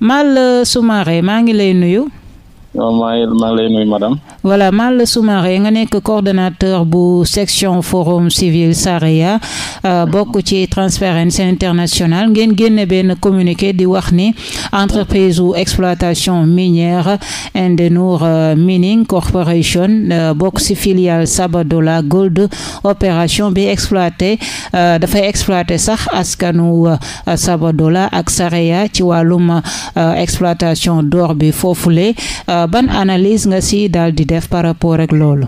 Mal euh, Soumaré maa ngi lay nuyu. maa ngi lay nuyu madame. voilà Malla nga nekk coordonnateur bu section forum civil Saraya euh, bokk ci Transparency International ngeen génne benn communiqué di wax ni entreprise ou exploitation minière Indenour euh, Mining Corporation euh, bokk ci filiale Sabadola Gold opération bi exploité dafay exploité sax askanu Sabadola ak Saraya ci wàllum exploitation d'or bi Euh, ban analyse nga si daal di def par rapport ak loolu.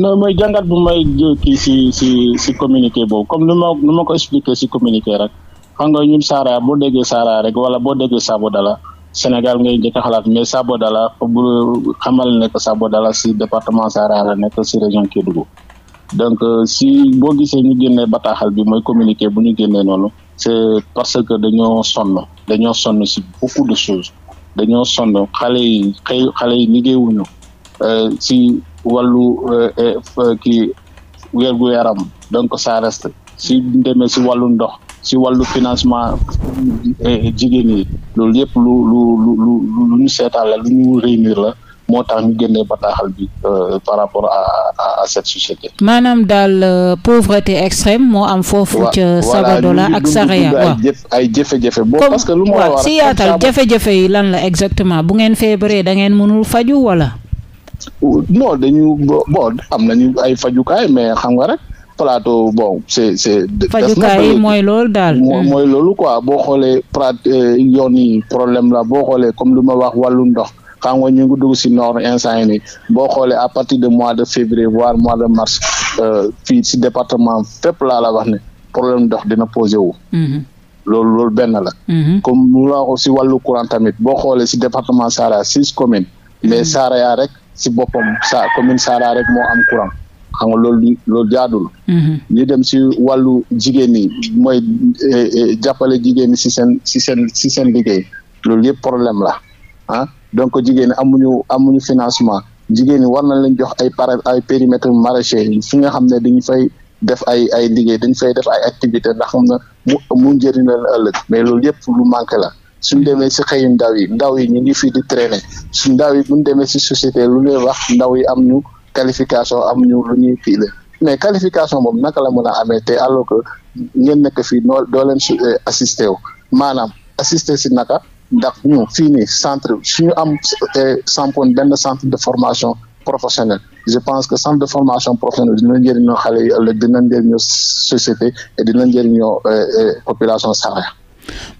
non mooy jàngat bu may kii si si si communiqué boobu comme nu ma nu ma ko expliqué si communiqué rek xam nga ñun bo boo déggee Sahara rek wala boo déggee Sabodala Sénégal ngay njëkk a xalaat mais Sabodala bu xamal ne que Sabodala si département Sahara la nekk si région Kédougou donc euh, si boo gisee ñu génnee bataaxal bi mooy communiqué bu ñu génnee noonu c'est parce que dañoo sonn dañoo sonn si beaucoup de choses dañoo sonn xale yi xëy xale yi liggéeyuñu si euh, wàllu euh, euh, kii wérgu yaram donc ça si demee si wàllu ndox si wàllu financement jigéen yi loolu yëpp lu lu lu lu ñu seetaan la lu ñu réunir la moo tax ñu génnee bataaxal bi euh, par rapport à à maanaam daal euh, pauvreté extrême moo am foofu. ca Sabadola ak Saraya waaw ay jafe-jafe. parce que lu ma war a si yaatal jafe-jafe yi lan la exactement bu ngeen feebaree da ngeen mënul faju wala. non dañu bon am nañu ay fajukaay mais xam nga rek. plateau bon c'est yi mooy loolu daal hmm. mooy loolu quoi boo xoolee prat euh, yoon yi problème la boo xoolee comme lu ma wax wàllu ndox xam nga ñu ngi dugg si nord instant yi boo xoolee à partir de mois de février voire mois de mars euh, fii si département fépp laa la wax ne problème ndox dina posé wu. Mhm. loolu loolu benn la. Mhm. comme mu la si wàllu courant tamit boo xoolee si département Saraya six communes. Mhm. mais Saraya rek si boppam sa commune Saraya rek moo am courant. xam nga loolu loolu jaadul. ñu dem si walu jigéen ñi mooy eh, eh, jàppale jigéen si seen si seen si seen liggéey loolu yëpp problème la ah. donc jigéen ñi amuñu amuñu financement jigéen ñi war na leen jox ay para ay périmètre maraîcher fi nga xam ne dañu fay def ay ay liggéey dañu fay def ay activités ndax xam na mu mu njëriñ la ëllëg mais loolu yëpp lu manqué la suñ demee si xëy ndaw yi ndaw yi ñu ngi fii di traîner su ndaw yi buñ demee si société lu ñuy wax ndaw yi am ñu qualification am ñu lu ñuy fii la mais qualification moom naka la mën a amee te alors que ngeen nekk fii noo doo leen su eh, assisté wu maanaam assisté si naka ndax ñu fii nii centre fi ñu am sampoon benn centre de formation professionnelle je pense que centre de formation professionnelle dina njëriñoo xale yi ëllëg dina njëriñoo société et dina njëriñoo euh, euh, population Saraya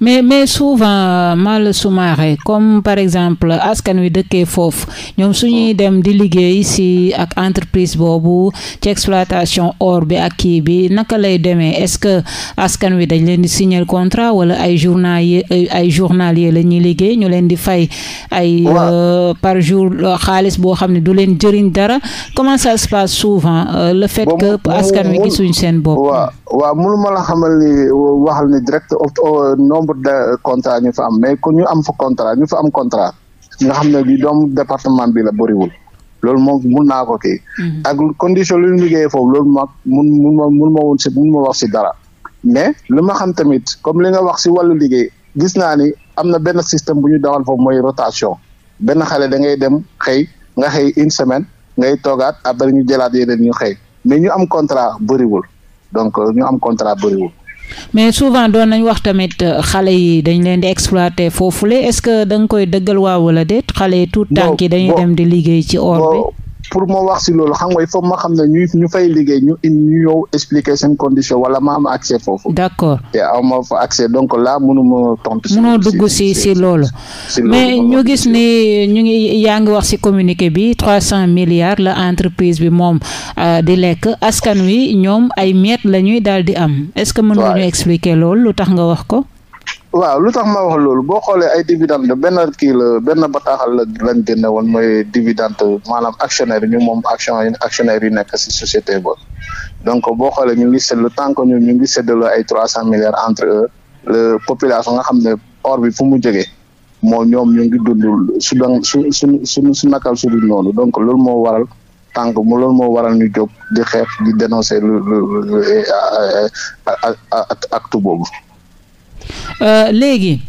mais mais souvent Malla Soumaré comme par exemple askan wi dëkkee foofu ñoom suñuy dem di liggéey si ak entreprise boobu ci exploitation or bi ak kii bi naka lay demee est-ce que askan wi dañ leen di signer contrat wala ay journal ay journalier la ñuy liggéey ñu leen di fay ay euh, par jour euh, xaalis boo xam ne du leen jëriñ dara comment ça se souvent euh, le fait que askan wi suñ seen bopp waaw waaw mënuma ni waxal ni direct nombre de contrat ñu fa am mais kon ñu am fa contrat ñu fa am contrat nga xam ne bi doomu département bi la bëriwul loolu moom mun naa ko kii mhm. ak condition lu ñu liggéeyee foofu loolu ma mun mun ma mun wax si dara mais lu ma xam tamit comme li nga wax si wàllu liggéey gis naa ni am na benn système bu ñu doxal foofu mooy rotation benn xale da ngay dem xëy nga xëy une semaine ngay toogaat après ñu jëlaat yeneen ñu xëy mais ñu am contrat bëriwul donc euh, ñu am contrat bëriwul mais souvent doon nañu wax tamit euh, xale yi dañ leen di exploiter foofule est-ce que da koy dëggal waaw wala déet xale yi tout tànk yi dañu dem di liggéey ci or bi pour moo wax si loolu xam nga il faut ma xam ne ñu ñu fay liggéey ñu in ñu ñëw expliquer seen condition wala ma am accès foofu. d'accord te aw ma fa accès donc là mënuma tontu. si mënoo si si loolu. mais ñu gis ni ñu ngi yaa ngi wax si communiqué bi trois cent milliards la entreprise bi moom euh, di lekk askan wi ñoom ay miettes la ñuy daal di am. est-ce que mën nga ñu expliquer loolu lu tax nga wax ko. waaw lu tax ma wax loolu boo xoolee ay dividende benn kii la benn bataaxal la lañ génne woon mooy dividende maanaam actionnaire ñu moom action actionnaire yi nekk ci société boobu donc boo xoolee ñu ngi seetlu tant que ñu ngi séddaloo ay trois cent milliards entre eux population nga xam ne or bi fu mu jógee moo ñoom ñu ngi dund su doon su su su su nakal su dul noonu donc loolu moo waral tànk mo loolu moo waral ñu jóg di xeex di dénoncer lu lu acte boobu. Euh, léegi.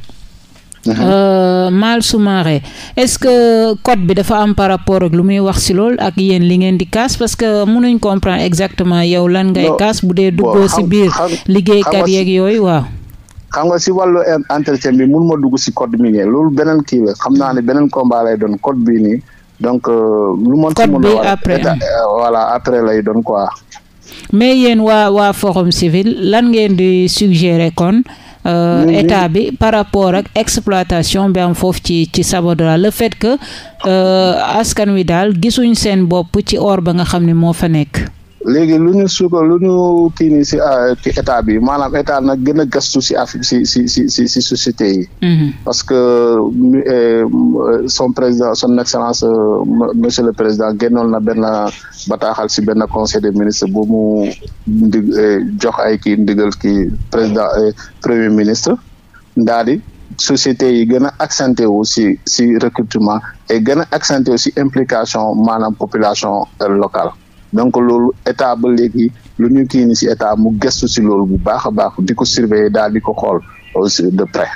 Euh, Mal Soumaré est-ce que code bi dafa am par rapport ak lu muy wax si lool ak yéen li ngeen di kaas parce que mënuñ comprendre exactement yow lan ngay kaas bu dee duggoo si biir liggéeykat yeeg yooyu waa xam si wàllu entretien bi mun ma dugg si code bi loolu beneen kii xam naa ne beneen combat lay doon code bi nii donc euh, lu mën si mun a voilà après lay doon quoi mais yéen waa forum civil lan ngeen di suggérer kon Euh, mmh. état bi par rapport ak exploitation bi am foofu ci ci Sabodala le fait que euh, askan wi daal gisuñ seen bopp ci or ba nga xam ni moo fa nekk léegi lu ñu suuka lu ñu kii nii si ah, ci état bi maanaam état nag gën a gastu si affaire si si si si si société yi. Mm-hmm. parce que eh, son président son excellence euh, monsieur le président génnoon na benn bataaxal si benn conseil des ministres boobu mu eh, jox ay kii ndigal kii président eh, premier ministre ndaa di société yi gën a accenté wu si si recrutement et gën a accenté wu si implication maanaam population euh, locale. donc loolu état ba léegi lu ñu kii ni si état mu gëstu si loolu bu baax a baax di ko surveiller daal di ko xool aussi de près.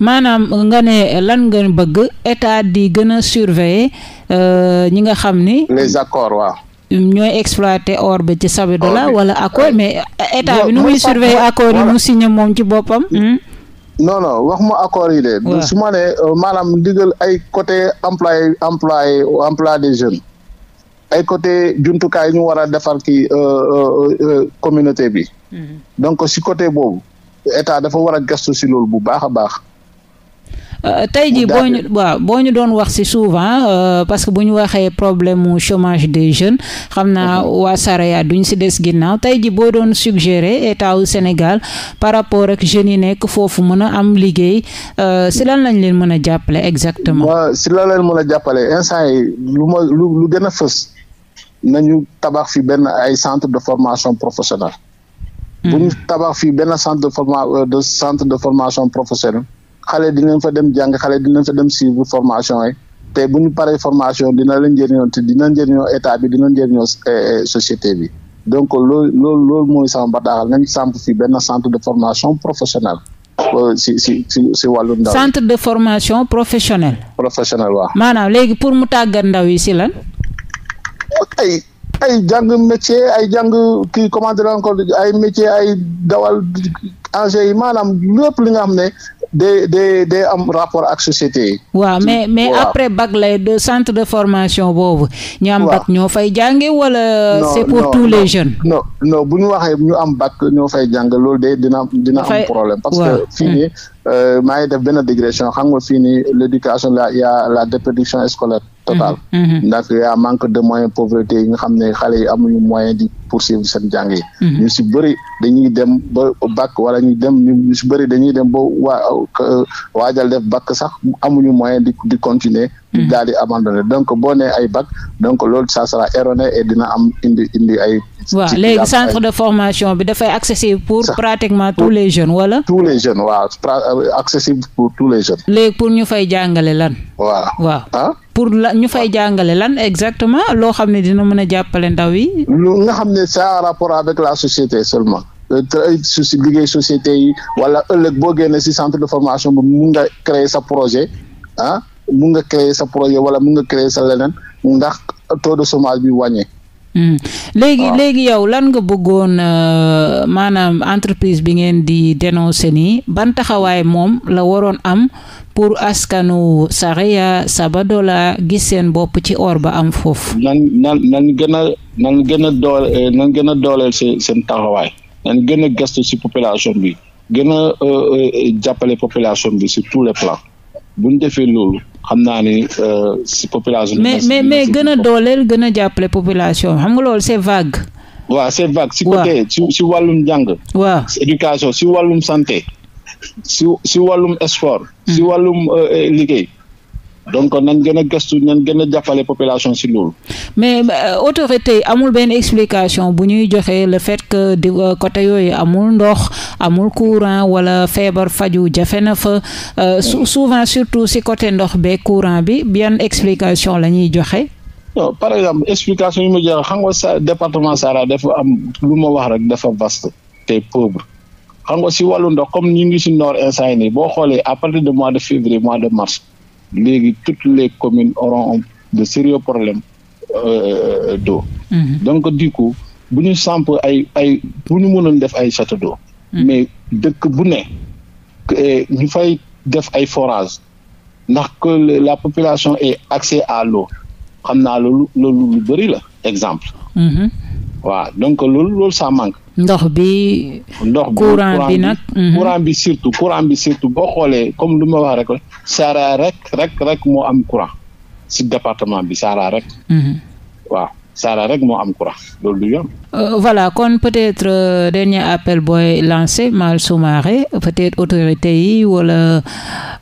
maanaam nga ne lan nga bëgg état di gën a surveiller euh, ñi nga xam ni. les accords waaw. ñooy exploité or ba ci Sabodala wala accord mais état bi nu muy surveiller accords yi mu signé moom ci boppam. Hmm? non wax mu accord yi de. su ma ne euh, maanaam digal ay côté employé employé emploi des jeunes. ay côté jumtukaay yi ñu war a defar ci euh, euh, euh, communauté bi mm-hmm. donc si côté boobu état dafa war a gëstu si loolu bu baax a baax Euh, tey jii boo ñu waaw boo ñu doon wax si souvent euh, parce que bu ñu waxee problème mu chômage des jeunes xam naa mhm. waa Saraya duñ si des ginnaaw tey jii boo doon suggérer état wu Sénégal par rapport ak jeunes yi nekk foofu mën a am liggéey si euh, lan lañ leen mën a jàppale exactement. waaw si lan lañ mën a jàppale instant yi lu ma lu gën a fës nañu tabax fi benn ay centre de formation professionnelle. Mhm. bu fii benn centre de forma de centre de formation xale dinañ fa dem jàng xale dinañ fa dem suivre formation yi te bu ñu paree formation dina leen jëriñoo te dina jëriñoo état bi dina jëriñoo eh, eh, société bi donc loolu mooy sax bataaxal nañ samp fii benn centre de formation professionnelle euh, si si si si wàllu ndaw centre de formation professionnelle professionnelle waaw maanaam léegi pour mu tàggat ndaw yi si lan ay ay jàng métier ay jàng ki comment dire encore ay métier ay dawal engins yi maanaam lépp li nga xam ne de de day am rapport ak société yi. waaw mais mais wow. après bac lay de centre de formation boobu. ñu am bac ñoo fay jànge wala. c'est pour non, tous les jeunes. non non bu ñu waxee ñu am bac ñoo fay jàng loolu de dina dina am problème. parce wow. que fii Euh, maa ngi def benn digression xam nga fii nii l' éducation la y' a la déperdition scolaire totale. Mm-hmm, mm-hmm. ndax y' a manque de moyen pauvreté yi nga xam ne xale yi amuñu moyen di poursuivre seen jàng yi. Mm-hmm. ñu si bëri dem ba bac wala ñu dem ñu si bëri dañuy dem ba waa euh, waajal def bac sax amuñu moyen di di continuer ñu hmm. daal di abandonné donc boo nee ay bac donc loolu ça sera erroné dina am indi indi ay. waaw léegi centre de formation bi dafay accessible pour pratiquement tous les jeunes wala. tous les jeunes waaw euh, accessible pour tous les jeunes. léegi pour ñu fay jàngale lan. waaw waaw ah. pour la ñu fay ah. jàngale lan exactement loo xam ne dina mën a jàppale ndaw yi. lu nga xam ne ça a rapport avec la société seulement. su euh, si liggéey société yi wala ëllëg boo génnee si centre de formation bi mun nga créer sa projet ah. mu nga créer sa projet wala mun nga créer sa leneen ndax taux de chômage bi wàññee. Mm. léegi léegi yow lan nga bëggoon euh, maanaam entreprise bi ngeen di dénoncé nii ban taxawaay moom la waroon am pour askanu Sareya Sabadola gis seen bopp ci or ba am foofu. nan nan nan gën a nan gën a doole euh, gën a dooleel seen seen taxawaay nan gën a gëstu ci population bi gën a euh, euh jàppale population bi sur tous les plans bu defee loolu. xam naa ni euh, si population. mais mais mais gën a dooleel gën a jàppale population xam nga loolu c'est vague. waa c'est vague. si côté si si wàllum jàng. waaw éducation si wàllum santé. si si wàllum sport. si hmm. wàllum euh, liggéey. donc nañ gën a gëstu nañ gën a jàppale population si loolu. mais euh, autorité yi amul benn explication bu ñuy joxee le fait que di euh, côté yooyu amul ndox amul courant wala feebar faju jafe na fa euh, souvent surtout si côté ndox be courant bi bien explication la ñuy joxe. non par exemple explication yi ma joxe xam nga sa département Sahara dafa am lu wax rek dafa vaste te pauvre. xam nga si wàllu ndox comme ñu ngi si nord instant boo xoolee à partir de mois de février mois de mars léegi toutes les communes auront de sérieux problèmes euh, d'eau mhm. donc du coup bu ñu samp ay ay bu ñu mënoon def ay château d'eau mhm. mais dëkk bu ne eh, ñu fay def ay forage ndax que la population ait accès à l'eau xam na loolu lu bëri la exemple waaw mhm. donc loolu loolu ça manque ndox bi. ndox bi courant bi nag. Mhm. courant bi surtout courant bi surtout boo xoolee comme lu ma wax rek la. Saara rek rek moo am courant bi Saara rek. Mhm. waaw rek moo am courant loolu du euh, voilà kon peut-être euh, dernier appel booy lancé Maal Soumaré peut-être autorité yi wala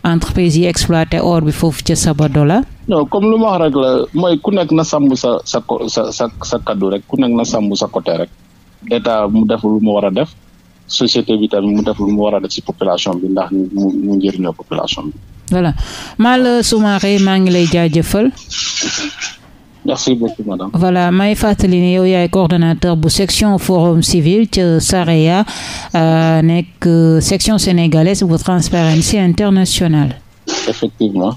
entreprise yi exploité or bi foofu ca Sabadola. non comme lu ma wax rek la mooy ku nekk na sàmm sa sa sa sa sa kaddu rek ku nekk na sàmm sa côté rek. état mu def mu war a def société bi tamit mu def mu war def ci population bi ndax mu mu njëriñoo population bi. voilà Malla Soumaré maa ngi lay jaajëfal. merci beaucoup ne yow yaay coordonnateur bu section forum civil ca Saraya euh, nekk euh, section sénégalaise bu Transparency International. effectivement.